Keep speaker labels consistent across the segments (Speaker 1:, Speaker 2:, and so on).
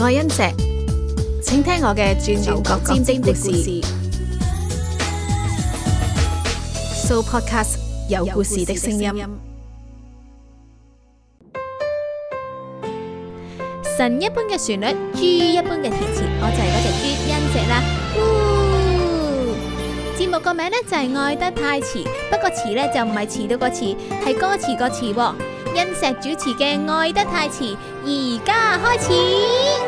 Speaker 1: 愛恩石，請聽我嘅轉轉角戰丁的故事。So podcast 有故事的聲音。神一般嘅旋律，豬一般嘅填詞，我就係嗰隻豬，恩石啦。節目個名呢就係愛得太遲，不過遲呢就唔係遲到個遲，係歌詞個詞。恩石主持嘅《愛得太遲》，而家開始。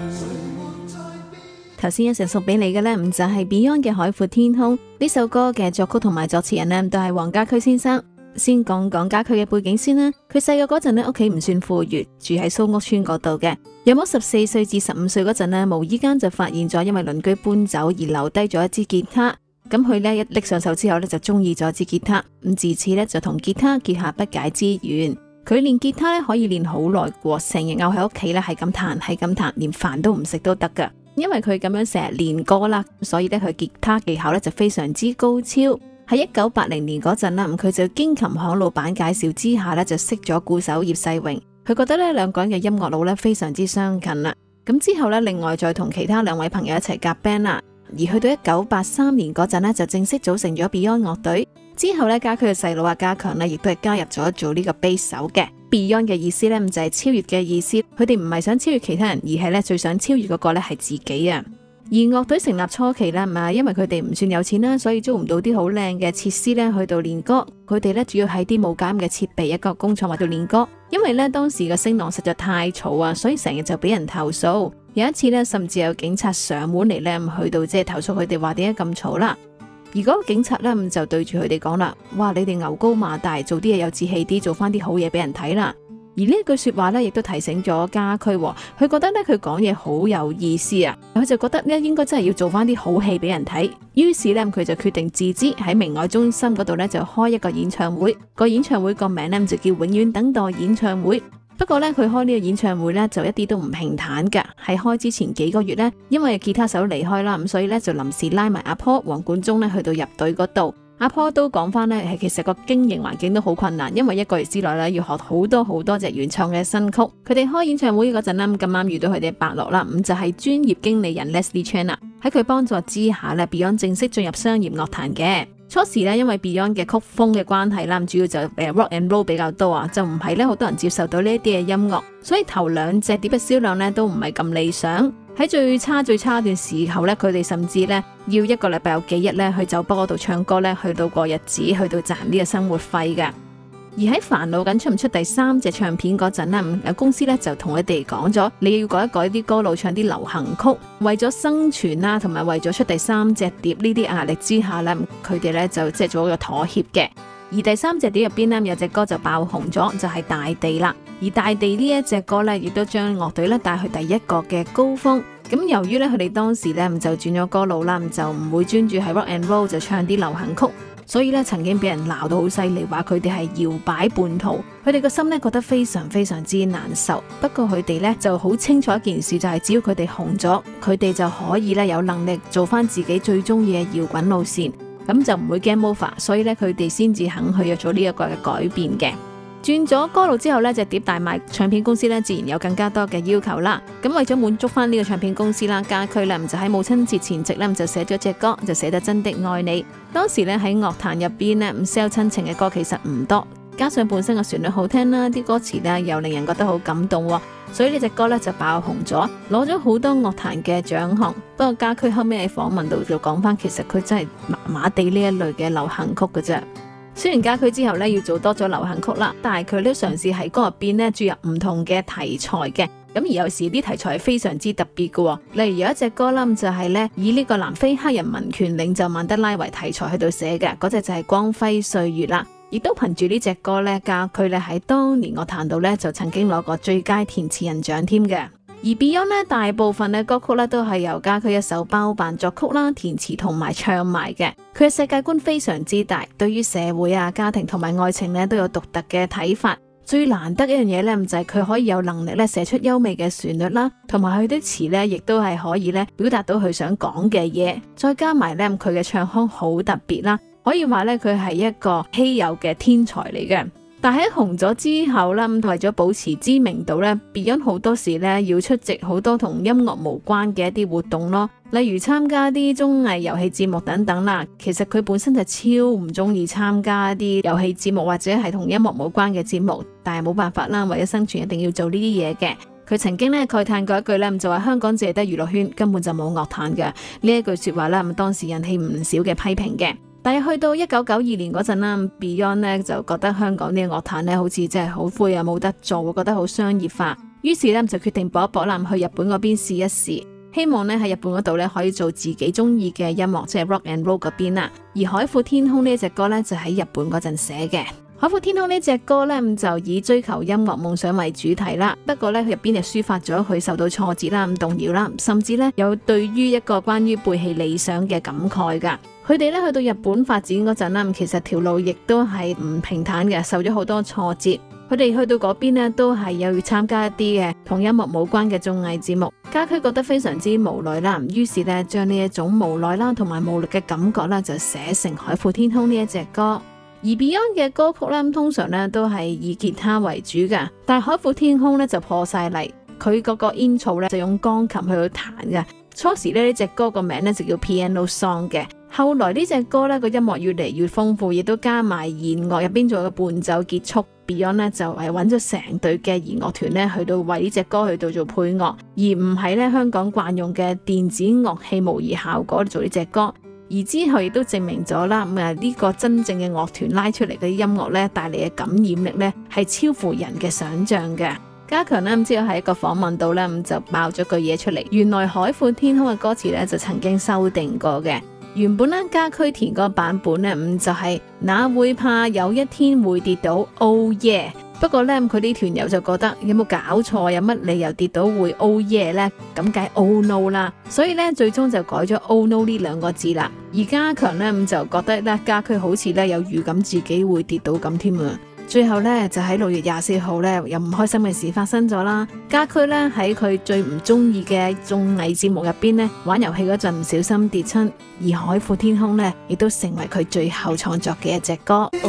Speaker 1: 頭先一成送俾你嘅呢，就係 Beyond 嘅《海闊天空》，呢首歌嘅作曲同埋作詞人呢，都係黃家駒先生。先講講家駒嘅背景先啦。佢細個嗰陣呢，屋企唔算富裕，住喺蘇屋村嗰度嘅。約莫十四歲至十五歲嗰陣呢，無意間就發現咗因為鄰居搬走而留低咗一支吉他。咁佢呢，一拎上手之後呢，就中意咗支吉他。咁自此呢，就同吉他結下不解之緣。佢練吉他咧可以練好耐嘅，成日拗喺屋企呢係咁彈係咁彈，彈，彈，彈，連飯都唔食都得噶。因為佢咁樣成日練歌啦，所以咧佢吉他技巧咧就非常之高超。喺一九八零年嗰陣啦，咁佢就經琴行老板介紹之下咧，就識咗鼓手葉世榮。佢覺得咧兩個人嘅音樂路咧非常之相近啦。咁之後咧，另外再同其他兩位朋友一齊夾 band 啦。而去到一九八三年嗰陣咧，就正式組成咗 Beyond 樂隊。之後咧，家駒嘅細佬啊，家強咧，亦都係加入咗做呢個貝手嘅，Beyond 嘅意思咧，咁就係超越嘅意思。佢哋唔係想超越其他人，而係咧最想超越嗰個咧係自己啊。而樂隊成立初期咧，唔係因為佢哋唔算有錢啦，所以租唔到啲好靚嘅設施咧，去到練歌。佢哋咧主要喺啲冇監嘅設備一個工廠或者練歌，因為咧當時嘅聲浪實在太嘈啊，所以成日就俾人投訴。有一次咧，甚至有警察上門嚟咧，去到即係投訴佢哋話點解咁嘈啦。而嗰個警察咧，就對住佢哋講啦：哇，你哋牛高馬大，做啲嘢有志氣啲，做翻啲好嘢俾人睇啦！而呢一句説話咧，亦都提醒咗家駒，佢覺得咧，佢講嘢好有意思啊！佢就覺得咧，應該真係要做翻啲好戲俾人睇。於是咧，佢就決定自資喺明愛中心嗰度咧，就開一個演唱會。個演唱會個名咧，就叫《永遠等待演唱會》。不過咧，佢開呢個演唱會咧，就一啲都唔平坦噶。喺開之前幾個月咧，因為吉他手離開啦，咁所以咧，就臨時拉埋阿坡、黃貫中，去到入隊嗰度。阿婆都講翻咧，係其實個經營環境都好困難，因為一個月之內咧要學好多好多隻原創嘅新曲。佢哋開演唱會嗰陣啦，咁啱遇到佢哋嘅伯樂啦，咁就係專業經理人 Leslie Chan 啦。喺佢幫助之下咧，Beyond 正式進入商業樂壇嘅。初時咧，因為 Beyond 嘅曲風嘅關係啦，主要就 rock and roll 比較多啊，就唔係咧好多人接受到呢一啲嘅音樂，所以頭兩隻碟嘅銷量咧都唔係咁理想。喺最差最差段時候咧，佢哋甚至咧要一個禮拜有幾日咧去酒吧嗰度唱歌咧，去到過日子，去到賺呢個生活費嘅。而喺煩惱緊出唔出第三隻唱片嗰陣咧，有公司咧就同佢哋講咗，你要改，改一改啲歌路，唱啲流行曲，為咗生存啦，同埋為咗出第三隻碟呢啲壓力之下咧，佢哋咧就即係做咗個妥協嘅。而第三隻碟入邊呢，有隻歌就爆紅咗，就係《大地》啦。而《大地》呢一隻歌呢，亦都將樂隊呢帶去第一個嘅高峰。咁由於呢，佢哋當時呢唔就轉咗歌路啦，唔就唔會專注喺 rock and roll，就唱啲流行曲，所以呢，曾經俾人鬧到好犀利，話佢哋係搖擺叛徒。佢哋個心呢，覺得非常非常之難受。不過佢哋呢，就好清楚一件事，就係只要佢哋紅咗，佢哋就可以呢有能力做翻自己最中意嘅搖滾路線。咁就唔會驚 mo，所以咧佢哋先至肯去約咗呢一個嘅改變嘅。轉咗歌路之後呢，隻碟大賣，唱片公司呢自然有更加多嘅要求啦。咁為咗滿足翻呢個唱片公司啦，家駒咧就喺母親節前夕呢，就寫咗隻歌，就寫得真的愛你。當時呢，喺樂壇入邊呢，唔 sell 親情嘅歌其實唔多，加上本身個旋律好聽啦，啲歌詞呢又令人覺得好感動。所以呢隻歌咧就爆紅咗，攞咗好多樂壇嘅獎項。不過家駒後尾喺訪問度就講返，其實佢真係麻麻地呢一類嘅流行曲嘅啫。雖然家駒之後咧要做多咗流行曲啦，但係佢都嘗試喺歌入面咧注入唔同嘅題材嘅。咁而有時啲題材非常之特別嘅，例如有一隻歌啦就係咧以呢個南非黑人民權領袖曼德拉為題材去到寫嘅，嗰隻就係光輝歲月啦。亦都憑住呢隻歌呢，家駒呢喺當年樂壇度呢，就曾經攞過最佳填詞人獎添嘅。而 Beyond 呢，大部分嘅歌曲呢，都係由家駒一手包辦作曲啦、填詞同埋唱埋嘅。佢嘅世界觀非常之大，對於社會啊、家庭同埋愛情呢，都有獨特嘅睇法。最難得一樣嘢呢，就係佢可以有能力呢，寫出優美嘅旋律啦，同埋佢啲詞呢，亦都係可以呢，表達到佢想講嘅嘢。再加埋呢，佢嘅唱腔好特別啦。可以話咧，佢係一個稀有嘅天才嚟嘅。但喺紅咗之後咧，咁為咗保持知名度咧，Beyond 好多時咧要出席好多同音樂無關嘅一啲活動咯，例如參加啲綜藝遊戲節目等等啦。其實佢本身就超唔中意參加一啲遊戲節目或者係同音樂無關嘅節目，但係冇辦法啦，為咗生存一定要做呢啲嘢嘅。佢曾經咧慨嘆過一句咧，就話香港淨係得娛樂圈根本就冇樂壇嘅呢一句說話啦，咁當時引起唔少嘅批評嘅。但係去到一九九二年嗰陣啦，Beyond 咧就覺得香港呢個樂壇咧好似真係好灰啊，冇得做，覺得好商業化。於是咧就決定博一博去日本嗰邊試一試，希望咧喺日本嗰度咧可以做自己中意嘅音樂，即係 rock and roll 嗰邊啦。而《海闊天空》呢隻歌咧就喺日本嗰陣寫嘅，《海闊天空》呢隻歌咧就以追求音樂夢想為主題啦。不過咧佢入邊就抒發咗佢受到挫折啦、咁動搖啦，甚至咧有對於一個關於背棄理想嘅感慨噶。佢哋咧去到日本發展嗰陣啦，其實條路亦都係唔平坦嘅，受咗好多挫折。佢哋去到嗰邊呢都係有要參加一啲嘅同音樂冇關嘅綜藝節目。家駒覺得非常之無奈啦，於是咧將呢一種無奈啦同埋無力嘅感覺咧就寫成《海闊天空》呢一隻歌。而 Beyond 嘅歌曲咧通常咧都係以吉他為主嘅，但《海闊天空》呢咧就破晒例，佢個個 intro 咧就用鋼琴去到彈嘅。初時咧呢隻歌個名咧就叫《Piano Song》嘅。後來呢隻歌咧，個音樂越嚟越豐富，亦都加埋弦樂入邊做個伴奏結束。Beyond 咧就係揾咗成隊嘅弦樂團咧，去到為呢隻歌去到做配樂，而唔係咧香港慣用嘅電子樂器模擬效果嚟做呢隻歌。而之後亦都證明咗啦，咁啊呢個真正嘅樂團拉出嚟嘅音樂咧，帶嚟嘅感染力咧，係超乎人嘅想象嘅。加強咧，唔知我喺一個訪問度咧，咁就爆咗句嘢出嚟，原來《海闊天空》嘅歌詞咧就曾經修訂過嘅。原本咧，家駒填個版本咧，咁就係，哪會怕有一天會跌倒？Oh yeah！不過咧，佢呢團友就覺得有冇搞錯？有乜理由跌倒會 oh yeah 咧？咁梗係 oh no 啦！所以咧，最終就改咗 oh no 呢兩個字啦。而家強咧，咁就覺得咧，家駒好似咧有預感自己會跌倒咁添啊。最後咧就喺六月廿四號咧有唔開心嘅事發生咗啦，家駒咧喺佢最唔中意嘅綜藝節目入邊咧玩遊戲嗰陣唔小心跌親，而《海闊天空》咧亦都成為佢最後創作嘅一隻歌。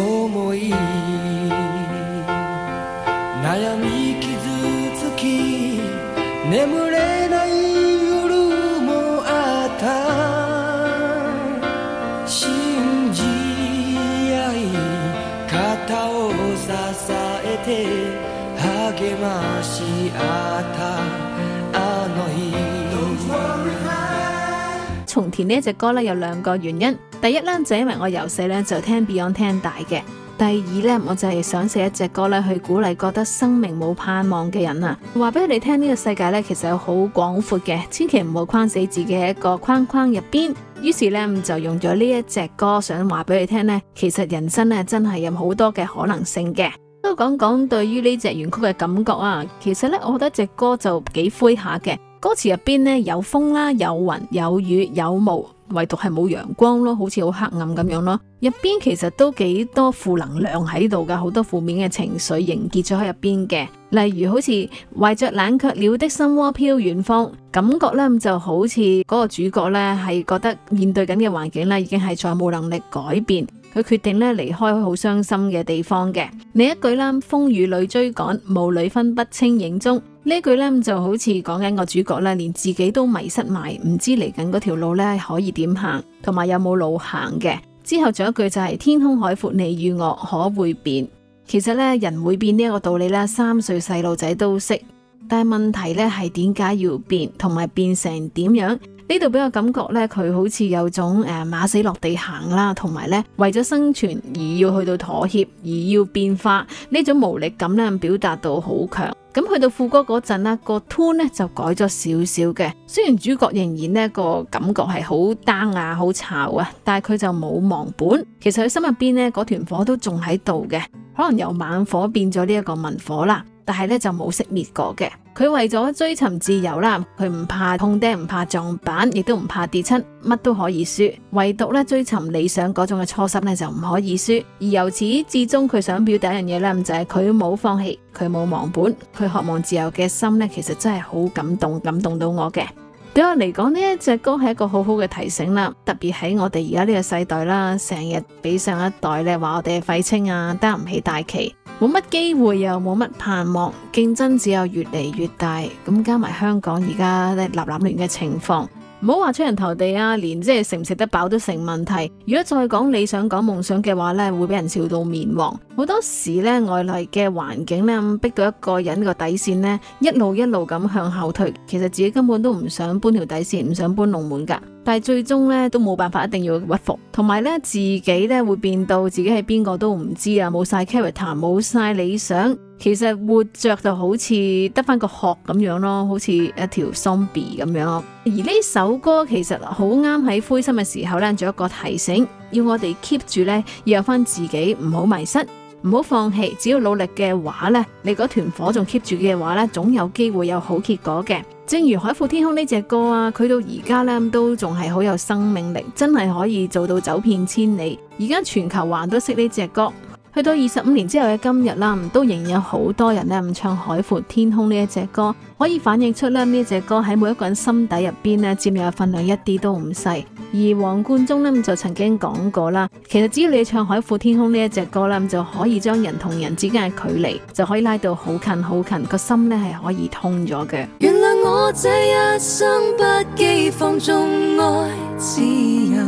Speaker 1: 重填呢隻歌呢，有兩個原因，第一呢，就是，因為我由細呢就聽 Beyond 聽大嘅；第二呢，我就係想寫一隻歌呢，去鼓勵覺得生命冇盼望嘅人啊！話俾你哋聽，呢、呢個世界呢其實有好廣闊嘅，千祈唔好框死自己喺一個框框入邊。於是呢，就用咗呢一隻歌，想話俾你聽呢，其實人生呢真係有好多嘅可能性嘅。都講講對於呢隻原曲嘅感覺啊，其實呢，我覺得隻歌就幾灰下嘅。歌詞入邊呢，有風啦，有雲，有雨，有霧，唯獨係冇陽光咯，好似好黑暗咁樣咯。入邊其實都幾多負能量喺度㗎，好多負面嘅情緒凝結咗喺入邊嘅，例如好似懷着冷卻了的心窩飄遠方，感覺呢，就好似嗰個主角呢，係覺得面對緊嘅環境呢，已經係再冇能力改變。佢決定咧離開好傷心嘅地方嘅。另一句啦，風雨裏追趕，霧裏分不清影蹤。呢句咧就好似講緊個主角咧，連自己都迷失埋，唔知嚟緊嗰條路咧可以點行，同埋有冇路行嘅。之後仲有一句就係天空海闊，你與我可會變。其實咧，人會變呢一個道理咧，三歲細路仔都識。但係問題咧係點解要變，同埋變成點樣？呢度俾我的感覺呢，佢好似有種誒、呃、馬死落地行啦，同埋呢為咗生存而要去到妥協，而要變化呢種無力感呢，表達到好強。咁去到副歌嗰陣呢個 tune 呢就改咗少少嘅。雖然主角仍然呢個感覺係好 down 啊，好吵啊，但係佢就冇忘本。其實佢心入邊呢，嗰團火都仲喺度嘅，可能由猛火變咗呢一個文火啦。但係呢就冇熄滅過嘅，佢為咗追尋自由啦，佢唔怕碰釘，唔怕撞板，亦都唔怕跌倒，乜都可以輸，唯獨呢追尋理想嗰種嘅初心呢，就唔可以輸。而由此始至終，佢想表達一樣嘢呢，就係佢冇放棄，佢冇忘本，佢渴望自由嘅心呢，其實真係好感動，感動到我嘅。對我嚟講呢，一隻歌係一個好好嘅提醒啦，特別喺我哋而家呢個世代啦，成日俾上一代咧話我哋係廢青啊，擔唔起大旗，冇乜機會又冇乜盼望，競爭只有越嚟越大，咁加埋香港而家咧立立亂嘅情況。唔好話出人頭地啊，連即係食唔食得飽都成問題。如果再講理想、講夢想嘅話咧，會俾人笑到面黃。好多時咧，外來嘅環境咧，逼到一個人個底線咧，一路一路咁向後退。其實自己根本都唔想搬條底線，唔想搬龍門㗎。但係最終咧都冇辦法，一定要屈服，同埋咧自己咧會變到自己係邊個都唔知啊，冇晒 character，冇晒理想，其實活着就好似得翻個殼咁樣咯，好似一條 zombie 咁樣。而呢首歌其實好啱喺灰心嘅時候咧，做一個提醒，要我哋 keep 住咧，要有翻自己，唔好迷失，唔好放棄，只要努力嘅話咧，你嗰團火仲 keep 住嘅話咧，總有機會有好結果嘅。正如《海闊天空》呢隻歌啊，佢到而家咧都仲係好有生命力，真係可以做到走遍千里。而家全球還都識呢隻歌，去到二十五年之後嘅今日啦，都仍然有好多人咧唔唱《海闊天空》呢一隻歌，可以反映出咧呢一隻歌喺每一個人心底入邊咧佔有嘅份量一啲都唔細。而黃冠中咧就曾經講過啦，其實只要你唱《海闊天空》呢一隻歌啦，就可以將人同人之間嘅距離就可以拉到好近好近，個心咧係可以通咗嘅。 我這一生不羈放縱愛自由，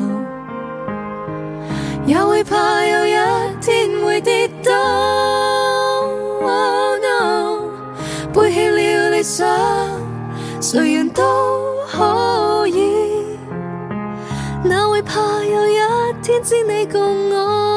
Speaker 1: 也會怕有一天會
Speaker 2: 跌倒。Oh, no. 背棄了理想，誰人都可以，
Speaker 1: 哪會怕有一天只你共我？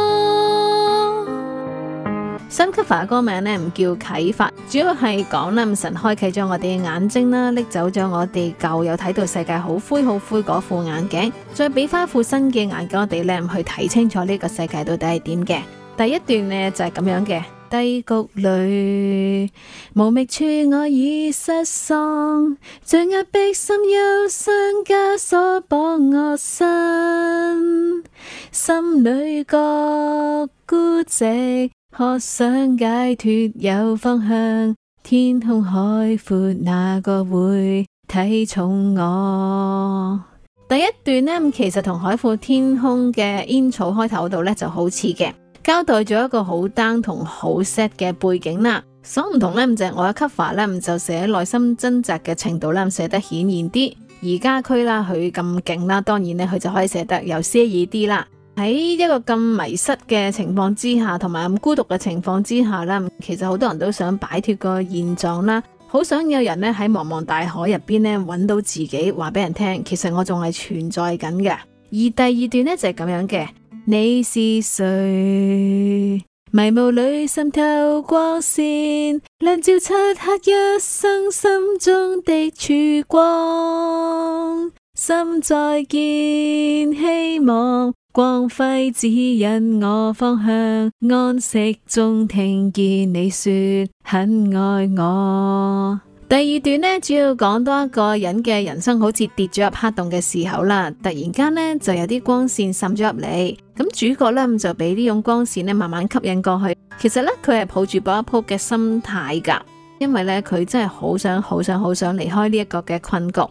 Speaker 1: 新 cover 歌名呢，唔叫啟發，主要係講啦，神開啟咗我哋嘅眼睛啦，拎走咗我哋舊有睇到世界好灰好灰嗰副眼鏡，再俾翻副新嘅眼鏡我哋呢去睇清楚呢個世界到底係點嘅。第一段呢，就係、是、咁樣嘅，低谷裏無覓處，我已失喪，最壓迫心憂傷，枷鎖綁我身，心裏覺孤寂。可想解脫有方向，天空海闊，哪個會睇重我？第一段呢，其實同海闊天空嘅 intro 開頭度呢就好似嘅，交代咗一個好 down 同好 set 嘅背景啦。所唔同呢，咁就我嘅 cover 呢，就寫內心掙扎嘅程度呢，寫得顯然啲。而家區啦，佢咁勁啦，當然呢，佢就可以寫得有詩意啲啦。喺一個咁迷失嘅情況之下，同埋咁孤獨嘅情況之下呢，其實好多人都想擺脫個現狀啦，好想有人呢喺茫茫大海入邊呢揾到自己，話俾人聽，其實我仲係存在緊嘅。而第二段呢，就係咁樣嘅，你是誰？迷霧裡滲透光線，亮照漆黑一生心中的曙光，心再見希望。光輝指引我方向，安息中聽見你說很愛我。第二段呢，主要講多一個人嘅人生好似跌咗入黑洞嘅時候啦，突然間呢，就有啲光線滲咗入嚟，咁主角呢，就俾呢種光線呢慢慢吸引過去。其實呢，佢係抱住博一博嘅心態㗎，因為呢，佢真係好想、好想、好想離開呢一個嘅困局。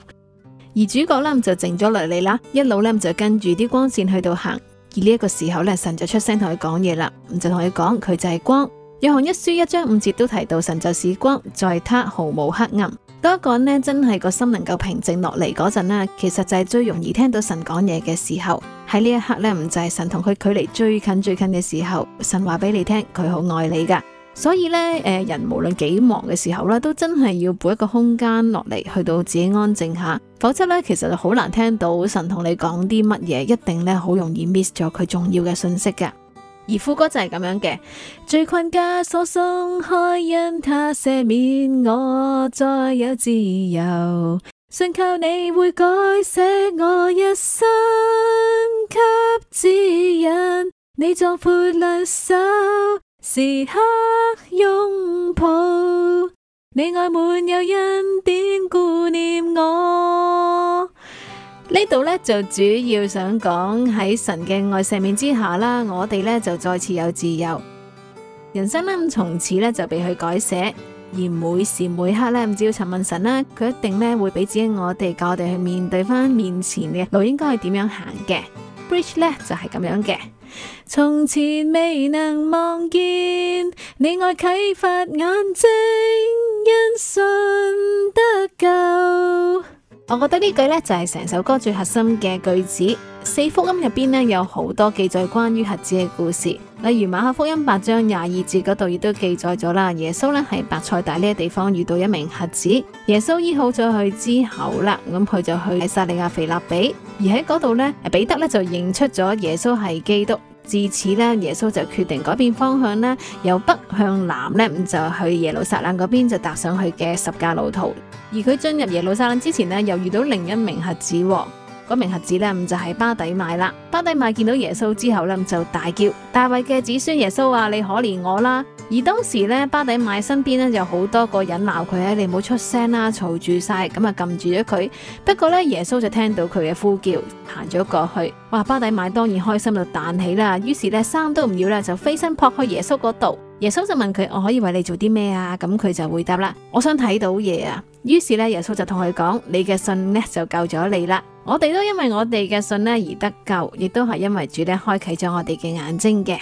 Speaker 1: 而主角咧就靜咗落嚟啦，一路咧就跟住啲光線去到行。而呢一個時候咧，神就出聲同佢講嘢啦，咁就同佢講佢就係光。約翰一書一章五節都提到，神就是光，在他毫無黑暗。當一個人咧，真係個心能夠平靜落嚟嗰陣啦，其實就係最容易聽到神講嘢嘅時候。喺呢一刻咧，唔就係神同佢距離最近最近嘅時候，神話俾你聽佢好愛你噶。所以咧，誒人無論幾忙嘅時候咧，都真係要撥一個空間落嚟，去到自己安靜下，否則咧，其實就好難聽到神同你講啲乜嘢，一定咧，好容易 miss 咗佢重要嘅信息㗎。而副歌就係咁樣嘅，罪困枷鎖鬆開，因祂赦免我再有自由，信靠你會改寫我一生，給指引，你壯闊兩手。時刻擁抱你愛滿有恩典顧念我。呢度呢，就主要想講喺神嘅愛赦免之下啦，我哋呢，就再次有自由，人生呢從此呢，就被佢改寫，而每時每刻呢唔知尋問神啦，佢一定呢會俾指引我哋，教我哋去面對翻面前嘅路應該係點樣行嘅。Bridge 咧就係、是、咁樣嘅，從前未能望見，你愛啟發眼睛，因信得救。我覺得呢句呢就係、是、成首歌最核心嘅句子。四福音入邊咧有好多記載關於瞎子嘅故事，例如馬可福音八章廿二節嗰度亦都記載咗啦，耶穌咧喺伯賽大呢個地方遇到一名瞎子，耶穌醫好咗佢之後啦，咁佢就去喺撒利亞腓立比，而喺嗰度呢，彼得咧就認出咗耶穌係基督，至此呢，耶穌就決定改變方向啦，由北向南呢，咁就去耶路撒冷嗰邊就踏上佢嘅十架路途，而佢進入耶路撒冷之前呢，又遇到另一名瞎子。嗰名瞎子咧，唔就係、是、巴底買啦。巴底買見到耶穌之後咧，就大叫，大衛嘅子孫耶穌啊，你可憐我啦！而當時咧，巴底買身邊咧有好多個人鬧佢咧，你唔好出聲啦，嘈住晒，咁啊撳住咗佢。不過咧，耶穌就聽到佢嘅呼叫，行咗過去。哇！巴底買當然開心到彈起啦，於是咧，衫都唔要啦，就飛身撲去耶穌嗰度。耶穌就問佢：我可以為你做啲咩啊？咁佢就回答啦：我想睇到嘢啊！於是咧，耶穌就同佢講：你嘅信咧就救咗你啦。我哋都因為我哋嘅信咧而得救，亦都係因為主咧開啟咗我哋嘅眼睛嘅。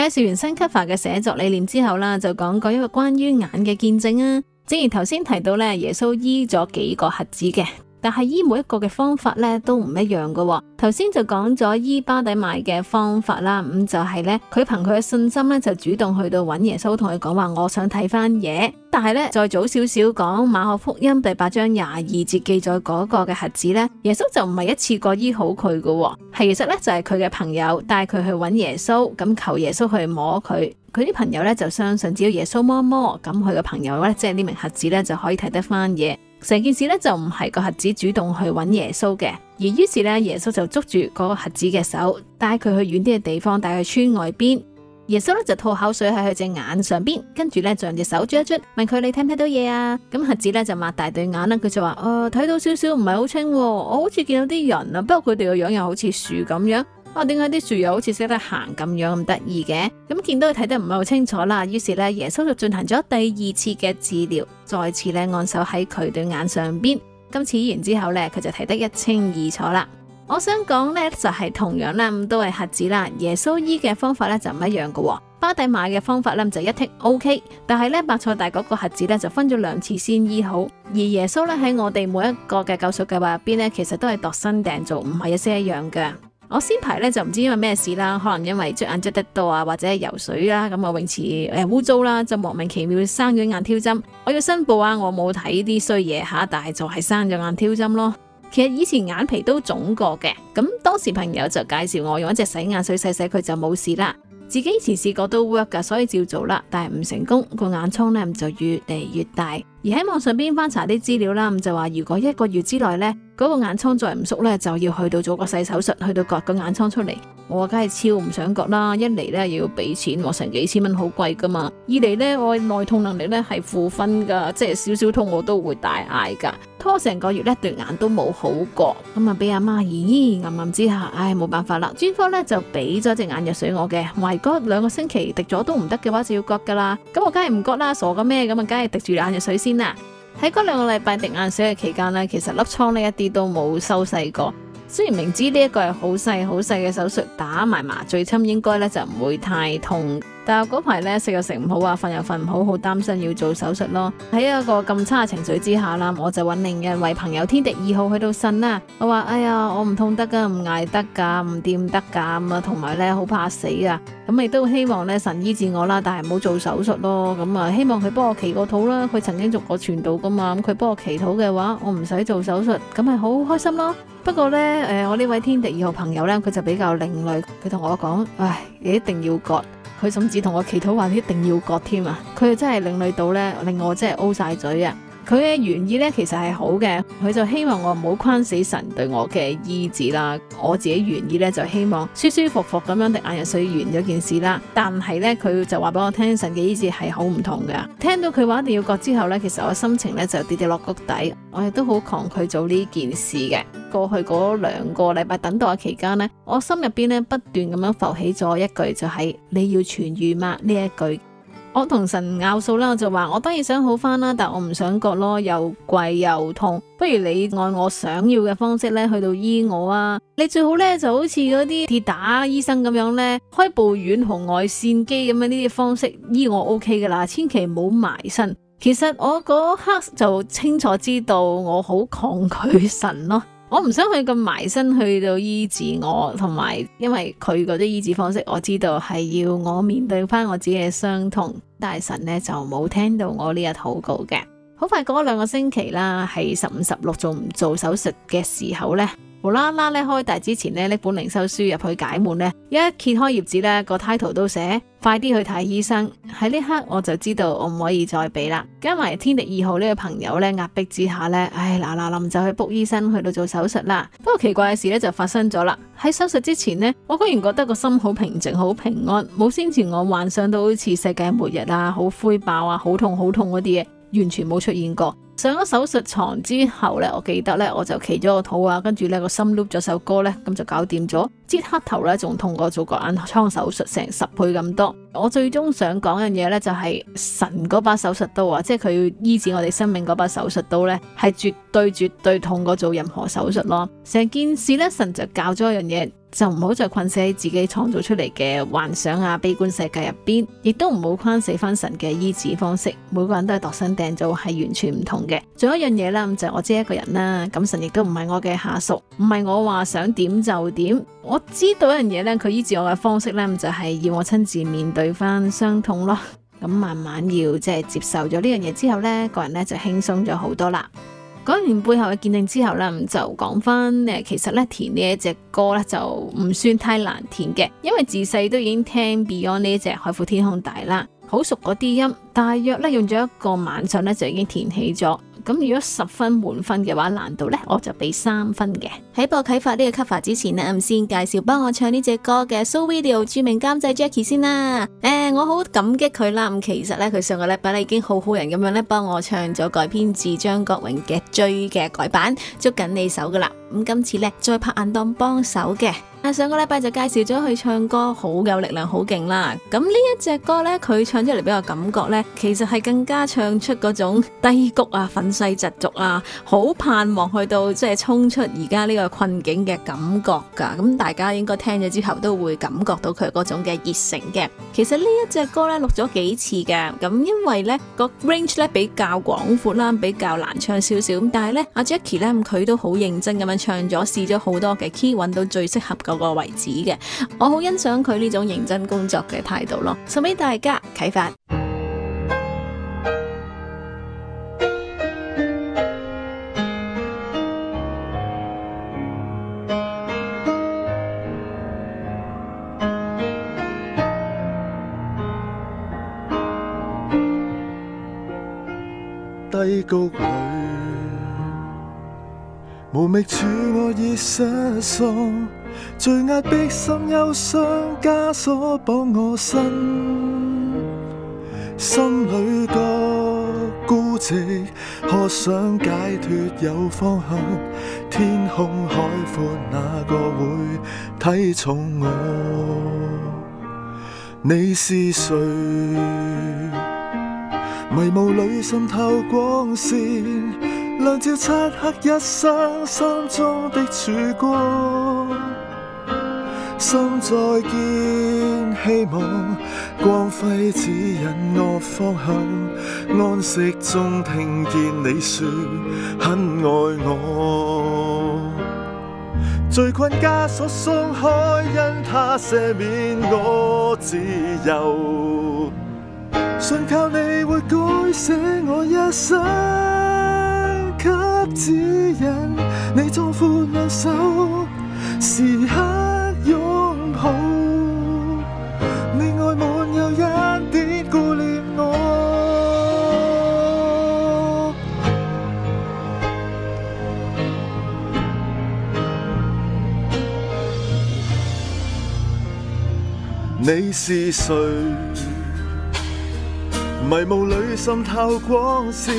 Speaker 1: 介紹完新 cover 嘅寫作理念之後啦，就講過一個關於眼嘅見證啊。正如頭先提到咧，耶穌醫咗幾個瞎子嘅。但係醫每一個嘅方法咧都唔一樣噶、哦，頭先就講咗醫巴底買嘅方法啦，咁就係咧，佢憑佢嘅信心咧就主動去到揾耶穌同佢講話，我想睇翻嘢。但係咧再早少少講馬可福音第八章廿二節記載嗰個嘅瞎子咧，耶穌就唔係一次過醫好佢噶、哦，係其實咧就係佢嘅朋友帶佢去揾耶穌，咁求耶穌去摸佢，佢啲朋友咧就相信只要耶穌摸摸，咁佢嘅朋友咧即係呢名瞎子咧就可以睇得翻嘢。成件事咧就唔係個瞎子主動去揾耶穌嘅，而於是咧耶穌就捉住嗰個瞎子嘅手，帶佢去遠啲嘅地方，帶佢去村外邊。耶穌咧就吐口水喺佢隻眼上邊，跟住咧就用隻手捽一捽，問佢你睇唔睇到嘢啊？咁瞎子咧就擘大對眼啦，佢就話：，哦，睇到少少，唔係好清，我好似見到啲人啊，不過佢哋個樣又好似樹咁樣。我點解啲樹又好似識得行咁樣咁得意嘅？咁見到佢睇得唔係好清楚啦，於是咧耶穌就進行咗第二次嘅治療，再次咧按手喺佢對眼上邊。今次醫完之後咧，佢就睇得一清二楚啦。我想講咧就係、是、同樣啦，咁都係瞎子啦。耶穌醫嘅方法咧就唔一樣噶。巴底買嘅方法咧就一剔 O K，但係咧伯賽大嗰個瞎子咧就分咗兩次先醫好，而耶穌咧喺我哋每一個嘅救贖計劃入邊咧，其實都係度身訂造，唔係一些一樣嘅。我先排咧就唔知因為咩事啦，可能因為捽眼捽得多啊，或者游水啦，咁個泳池誒污糟啦，就莫名其妙生咗眼挑針。我要申報啊，我冇睇啲衰嘢吓，但係就係生咗眼挑針咯。其實以前眼皮都腫過嘅，咁當時朋友就介紹我用一隻洗眼水洗洗佢就冇事啦。自己以前試過都 work 噶，所以照做啦，但係唔成功，個眼瘡咧就越嚟越大。而喺網上邊翻查啲資料啦，咁就話如果一個月之內呢，嗰個眼瘡再唔縮呢，就要去到做個細手術，去到割個眼瘡出嚟。我梗係超唔想割啦，一嚟呢又要俾錢，話成幾千蚊好貴噶嘛；二嚟呢，我耐痛能力呢係負分噶，即係少少痛我都會大嗌噶。拖成個月呢，對眼都冇好過，咁啊俾阿媽咦暗暗之下，唉冇辦法啦。專科呢就俾咗隻眼藥水我嘅，話如果兩個星期滴咗都唔得嘅話，就要割噶啦。咁我梗係唔割啦，傻個咩咁啊？梗係滴住眼藥水先。喺嗰兩個禮拜滴眼水嘅期間呢，其實粒瘡呢一啲都冇收細過。雖然明知呢一個係好細好細嘅手術，打埋麻醉針應該呢就唔會太痛。但係嗰排咧食又食唔好啊，瞓又瞓唔好，睡睡好擔心要做手術咯。喺一個咁差嘅情緒之下啦，我就揾另一位朋友天地二號去到呻啦。我話哎呀，我唔痛得噶，唔挨得噶，唔掂得噶啊，同埋咧好怕死啊。咁亦都希望咧神醫治我啦，但係唔好做手術咯。咁啊，希望佢幫我祈個禱啦。佢曾經做過傳道噶嘛，咁佢幫我祈禱嘅話，我唔使做手術，咁係好開心咯。不過咧，誒，我呢位天地二號朋友咧，佢就比較另類，佢同我講：唉，你一定要割。佢甚至同我祈禱話一定要割添啊！佢又真係另類到咧，令我真係 O 曬嘴啊！佢嘅原意呢，其實係好嘅，佢就希望我唔好框死神對我嘅意志啦。我自己原意呢，就希望舒舒服服咁樣滴眼藥水完咗件事啦。但係呢，佢就話俾我聽，神嘅意志係好唔同嘅。聽到佢話一定要割之後呢，其實我心情咧就跌跌落谷底，我亦都好抗拒做呢件事嘅。過去嗰兩個禮拜等待期間呢，我心入邊呢不斷咁樣浮起咗一句，就係你要痊癒嗎呢一句。我同神拗數啦，我就話我當然想好返啦，但我唔想割咯，又貴又痛，不如你按我想要嘅方式咧去到醫我啊！你最好咧就好似嗰啲跌打醫生咁樣咧，開部遠紅外線機咁樣呢啲方式醫我 OK 噶啦，千祈唔好埋身。其實我嗰刻就清楚知道我好抗拒神咯。我唔想佢咁埋身去到醫治我，同埋因為佢嗰啲醫治方式，我知道係要我面對翻我自己嘅傷痛。但係神咧就冇聽到我呢日禱告嘅。好快過咗兩個星期啦，係十五十六做唔做手術嘅時候咧。無啦啦咧開大之前咧，呢本零修書入去解悶咧，一揭開葉子咧，個 l e 都寫，快啲去睇醫生。喺呢刻我就知道我唔可以再俾啦。加埋天地二號呢個朋友咧，壓迫之下咧，唉，嗱嗱臨就去卜 o 醫生，去到做手術啦。不過奇怪嘅事咧就發生咗啦。喺手術之前咧，我居然覺得個心好平靜，好平安，冇先前我幻想到好似世界末日啊，好灰爆啊，好痛好痛嗰啲嘢，完全冇出現過。上咗手術床之後咧，我記得我就祈咗個禱啊，跟住咧個心擼咗首歌咧，咁就搞掂咗。即刻頭咧，仲痛過做個眼倉手術成十倍咁多。我最終想講嘅嘢咧，就係神嗰把手術刀啊，即係佢要醫治我哋生命嗰把手術刀咧，係絕對絕對痛過做任何手術咯。成件事咧，神就教咗一樣嘢，就唔好再困死喺自己創造出嚟嘅幻想啊、悲觀世界入邊，亦都唔好框死翻神嘅醫治方式。每個人都係度身訂造，係完全唔同嘅。仲有一樣嘢咧，就就係我知一個人啦，咁神亦都唔係我嘅下屬，唔係我話想點就點。我知道一樣嘢咧，佢醫治我嘅方式咧，就係要我親自面對翻傷痛咯。咁 慢慢要即係接受咗呢樣嘢之後咧，個人咧就輕鬆咗好多啦。講完背後嘅見證之後咧，就講翻誒，其實咧填呢一隻歌咧就唔算太難填嘅，因為自細都已經聽 Beyond 呢一隻《海闊天空》大啦，好熟嗰啲音，大約咧用咗一個晚上咧就已經填起咗。咁如果十分滿分嘅話，難度咧我就俾三分嘅。喺播啟發呢個 cover 之前呢，咁先介紹幫我唱呢隻歌嘅 So Video 著名監製 Jackie 先啦。誒、欸，我好感激佢啦。咁其實呢，佢上個禮拜咧已經好好人咁樣咧幫我唱咗改編自張國榮嘅《追》嘅改版，捉緊你手㗎喇。咁今次呢，再拍硬檔 an 幫手嘅。啊，上個禮拜就介紹咗佢唱歌好有力量，好勁啦。咁呢一隻歌呢，佢唱出嚟俾我感覺呢，其實係更加唱出嗰種低谷啊、憤世嫉俗啊，好盼望去到即係、就是、衝出而家呢個困境嘅感覺噶，咁大家應該聽咗之後都會感覺到佢嗰種嘅熱誠嘅。其實呢一隻歌呢，錄咗幾次嘅，咁因為呢個 range 呢比較廣闊啦，比較難唱少少。咁但係呢，阿 Jackie 呢，佢都好認真咁樣唱咗，試咗好多嘅 key，揾到最適合嗰個位置嘅。我好欣賞佢呢種認真工作嘅態度咯，送俾大家啟發。
Speaker 2: 谷裏無覓處，我已失所，最壓迫心憂傷，枷鎖綁我身，心裏個孤寂，可想解脫有方向，天空海闊哪個會睇重我？你是誰？迷霧裏，滲透光線，亮照漆黑一生心中的曙光。心再堅，希望光輝指引我方向。安息中聽見你説很愛我，罪困枷鎖鬆開，因他赦免我自由。信靠你會改寫我一生，給指引。你壯闊兩手，時刻擁抱。你愛滿有一點顧念我。 你是誰？迷霧裏，滲透光線，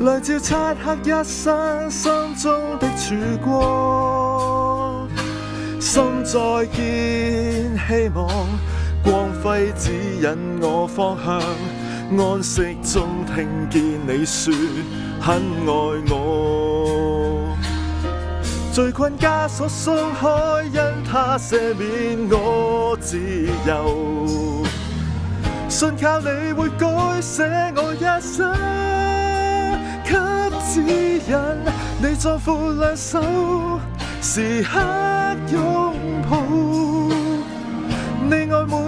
Speaker 2: 亮照漆黑一生心中的曙光。心再見希望，光輝指引我方向。安息中聽見你説很愛我，罪困枷鎖鬆開，因他赦免我自由。信靠你會改寫我一生，給指引。你在闊兩手，時刻擁抱。你愛慕。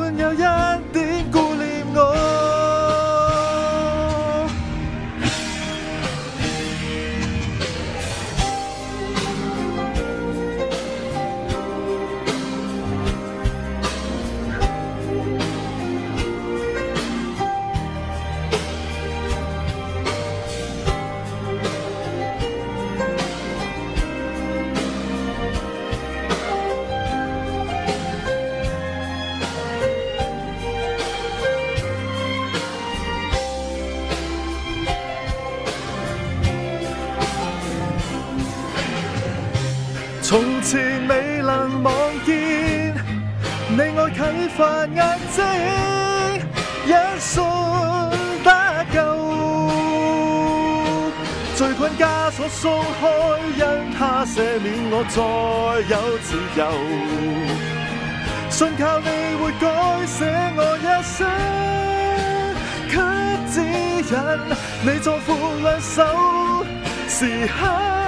Speaker 2: 從前未能望見你愛啟發眼睛，一瞬不夠，罪困枷鎖鬆開，因他赦免我再有自由。信靠你會改寫我一生，給指引，你助負兩手時刻。